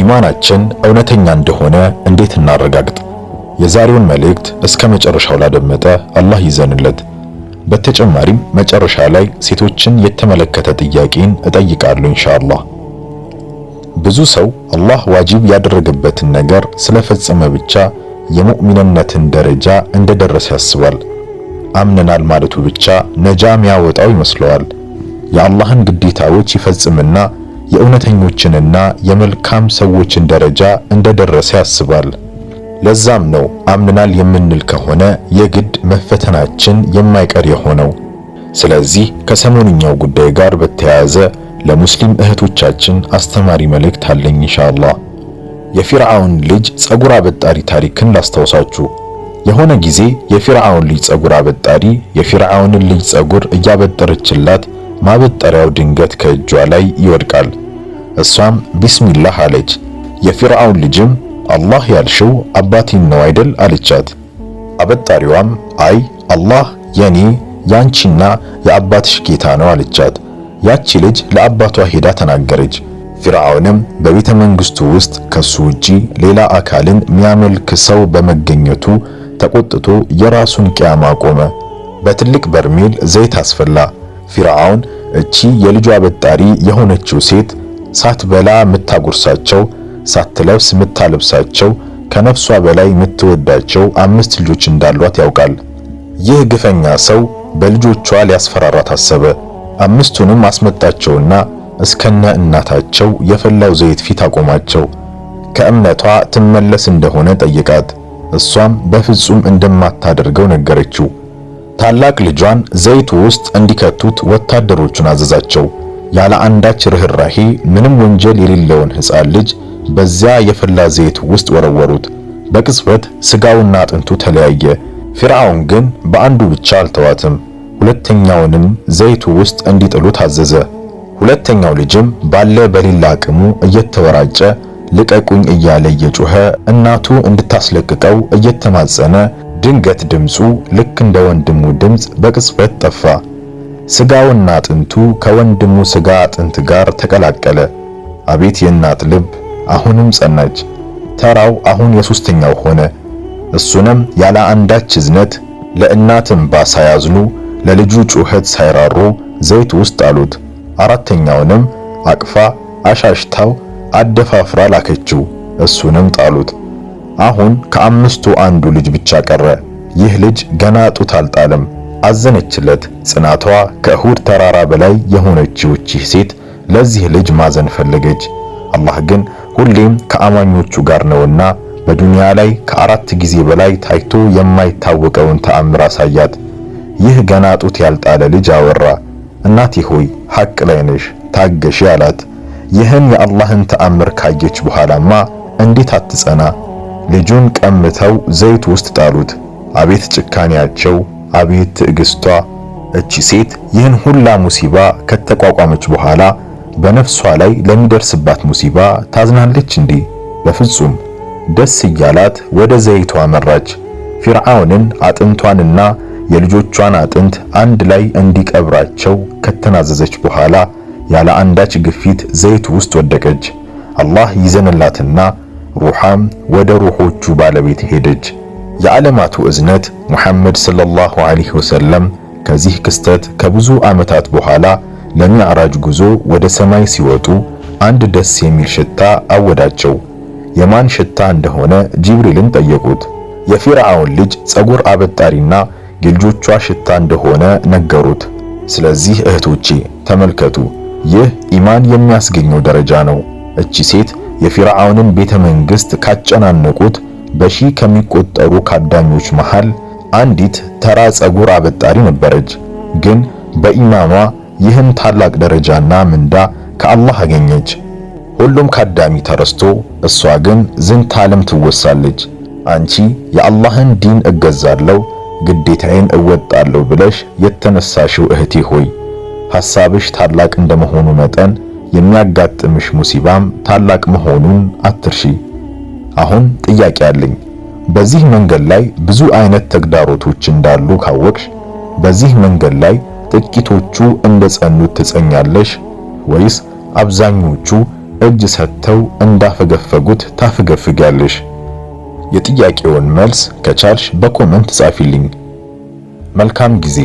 ኢማናችን እውነተኛ እንደሆነ እንዴት እናረጋግጥ? የዛሬውን መልእክት እስከ መጨረሻው ላደመጠ አላህ ይዘንለት። በተጨማሪም መጨረሻ ላይ ሴቶችን የተመለከተ ጥያቄን እጠይቃለሁ ኢንሻአላህ። ብዙ ሰው አላህ ዋጅብ ያደረገበትን ነገር ስለፈጸመ ብቻ የሙእሚንነትን ደረጃ እንደደረሰ ያስባል። አምነናል ማለቱ ብቻ ነጃ የሚያወጣው ይመስለዋል። የአላህን ግዴታዎች ይፈጽምና የእውነተኞችንና የመልካም ሰዎችን ደረጃ እንደደረሰ ያስባል። ለዛም ነው አምንናል የምንል ከሆነ የግድ መፈተናችን የማይቀር የሆነው። ስለዚህ ከሰሞንኛው ጉዳይ ጋር በተያያዘ ለሙስሊም እህቶቻችን አስተማሪ መልእክት አለኝ ኢንሻአላህ። የፊርዓውን ልጅ ጸጉር አበጣሪ ታሪክን ላስታውሳችሁ። የሆነ ጊዜ የፊርዓውን ልጅ ጸጉር አበጣሪ የፊርዓውንን ልጅ ጸጉር እያበጠረችላት ማበጠሪያው ድንገት ከእጇ ላይ ይወድቃል። እሷም ቢስሚላህ አለች። የፊርዓውን ልጅም አላህ ያልሽው አባቴን ነው አይደል አለቻት። አበጣሪዋም አይ አላህ የኔ ያንቺና የአባትሽ ጌታ ነው አለቻት። ያቺ ልጅ ለአባቷ ሄዳ ተናገረች። ፊርዓውንም በቤተ መንግስቱ ውስጥ ከሱ ውጪ ሌላ አካልን ሚያመልክ ሰው በመገኘቱ ተቆጥቶ የራሱን ቅያማ ቆመ። በትልቅ በርሜል ዘይት አስፈላ። ፊርዓውን እቺ የልጇ በጣሪ የሆነችው ሴት ሳትበላ ምታጎርሳቸው፣ ሳትለብስ ምታለብሳቸው፣ ከነፍሷ በላይ ምትወዳቸው አምስት ልጆች እንዳሏት ያውቃል። ይህ ግፈኛ ሰው በልጆቿ ሊያስፈራራት አሰበ። አምስቱንም አስመጣቸውና እስከነ እናታቸው የፈላው ዘይት ፊት አቆማቸው። ከእምነቷ ትመለስ እንደሆነ ጠየቃት። እሷም በፍጹም እንደማታደርገው ነገረችው። ታላቅ ልጇን ዘይቱ ውስጥ እንዲከቱት ወታደሮቹን አዘዛቸው። ያለ አንዳች ርህራሄ ምንም ወንጀል የሌለውን ሕፃን ልጅ በዚያ የፈላ ዘይት ውስጥ ወረወሩት። በቅጽበት ስጋውና አጥንቱ ተለያየ። ፊርዓውን ግን በአንዱ ብቻ አልተዋትም። ሁለተኛውንም ዘይቱ ውስጥ እንዲጥሉ ታዘዘ። ሁለተኛው ልጅም ባለ በሌላ አቅሙ እየተወራጨ ልቀቁኝ እያለ እየጮኸ እናቱ እንድታስለቅቀው እየተማጸነ ድንገት ድምፁ ልክ እንደ ወንድሙ ድምፅ በቅጽበት ጠፋ። ስጋውና አጥንቱ ከወንድሙ ስጋ አጥንት ጋር ተቀላቀለ። አቤት የእናት ልብ! አሁንም ጸናች። ተራው አሁን የሶስተኛው ሆነ። እሱንም ያለ አንዳች እዝነት ለእናት እንባ ሳያዝኑ ለልጁ ጩኸት ሳይራሩ ዘይት ውስጥ አሉት። አራተኛውንም አቅፋ አሻሽታው አደፋፍራ ላከችው። እሱንም ጣሉት። አሁን ከአምስቱ አንዱ ልጅ ብቻ ቀረ። ይህ ልጅ ገና ጡት አልጣለም። አዘነችለት። ጽናቷ ከእሁድ ተራራ በላይ የሆነችው ይህች ሴት ለዚህ ልጅ ማዘን ፈለገች። አላህ ግን ሁሌም ከአማኞቹ ጋር ነውና በዱንያ ላይ ከአራት ጊዜ በላይ ታይቶ የማይታወቀውን ተአምር አሳያት። ይህ ገና ጡት ያልጣለ ልጅ አወራ። እናቴ ሆይ ሐቅ ላይ ነሽ፣ ታገሺ አላት። ይህን የአላህን ተአምር ካየች በኋላማ እንዴት አትጸና? ልጁን ቀምተው ዘይት ውስጥ ጣሉት። አቤት ጭካኔያቸው! አቤት ትዕግስቷ! እቺ ሴት ይህን ሁላ ሙሲባ ከተቋቋመች በኋላ በነፍሷ ላይ ለሚደርስባት ሙሲባ ታዝናለች እንዴ? በፍጹም! ደስ እያላት ወደ ዘይቷ አመራች። ፊርዓውንን አጥንቷንና የልጆቿን አጥንት አንድ ላይ እንዲቀብራቸው ከተናዘዘች በኋላ ያለ አንዳች ግፊት ዘይት ውስጥ ወደቀች። አላህ ይዘንላትና ሩሃም ወደ ሩሖቹ ባለቤት ሄደች። የዓለማቱ እዝነት ሙሐመድ ሰለላሁ ዐለይሂ ወሰለም ከዚህ ክስተት ከብዙ ዓመታት በኋላ ለሚዕራጅ ጉዞ ወደ ሰማይ ሲወጡ አንድ ደስ የሚል ሽታ አወዳቸው። የማን ሽታ እንደሆነ ጅብሪልን ጠየቁት። የፊርዓውን ልጅ ጸጉር አበጣሪና የልጆቿ ሽታ እንደሆነ ነገሩት። ስለዚህ እህቶቼ ተመልከቱ፣ ይህ ኢማን የሚያስገኘው ደረጃ ነው። እቺ ሴት የፊርዓውንን ቤተ መንግሥት ካጨናነቁት በሺ ከሚቆጠሩ ካዳኞች መሃል አንዲት ተራ ፀጉር አበጣሪ ነበረች። ግን በኢማኗ ይህን ታላቅ ደረጃና ምንዳ ከአላህ አገኘች። ሁሉም ካዳሚ ተረስቶ፣ እሷ ግን ዝንታለም ትወሳለች። አንቺ የአላህን ዲን እገዛለሁ ግዴታዬን እወጣለሁ ብለሽ የተነሳሽው እህቴ ሆይ ሐሳብሽ ታላቅ እንደመሆኑ መጠን የሚያጋጥምሽ ሙሲባም ታላቅ መሆኑን አትርሺ። አሁን ጥያቄ አለኝ። በዚህ መንገድ ላይ ብዙ አይነት ተግዳሮቶች እንዳሉ ካወቅሽ በዚህ መንገድ ላይ ጥቂቶቹ እንደ ጸኑት ትጸኛለሽ ወይስ አብዛኞቹ እጅ ሰጥተው እንዳፈገፈጉት ታፈገፍጋለሽ? የጥያቄውን መልስ ከቻልሽ በኮመንት ጻፊልኝ። መልካም ጊዜ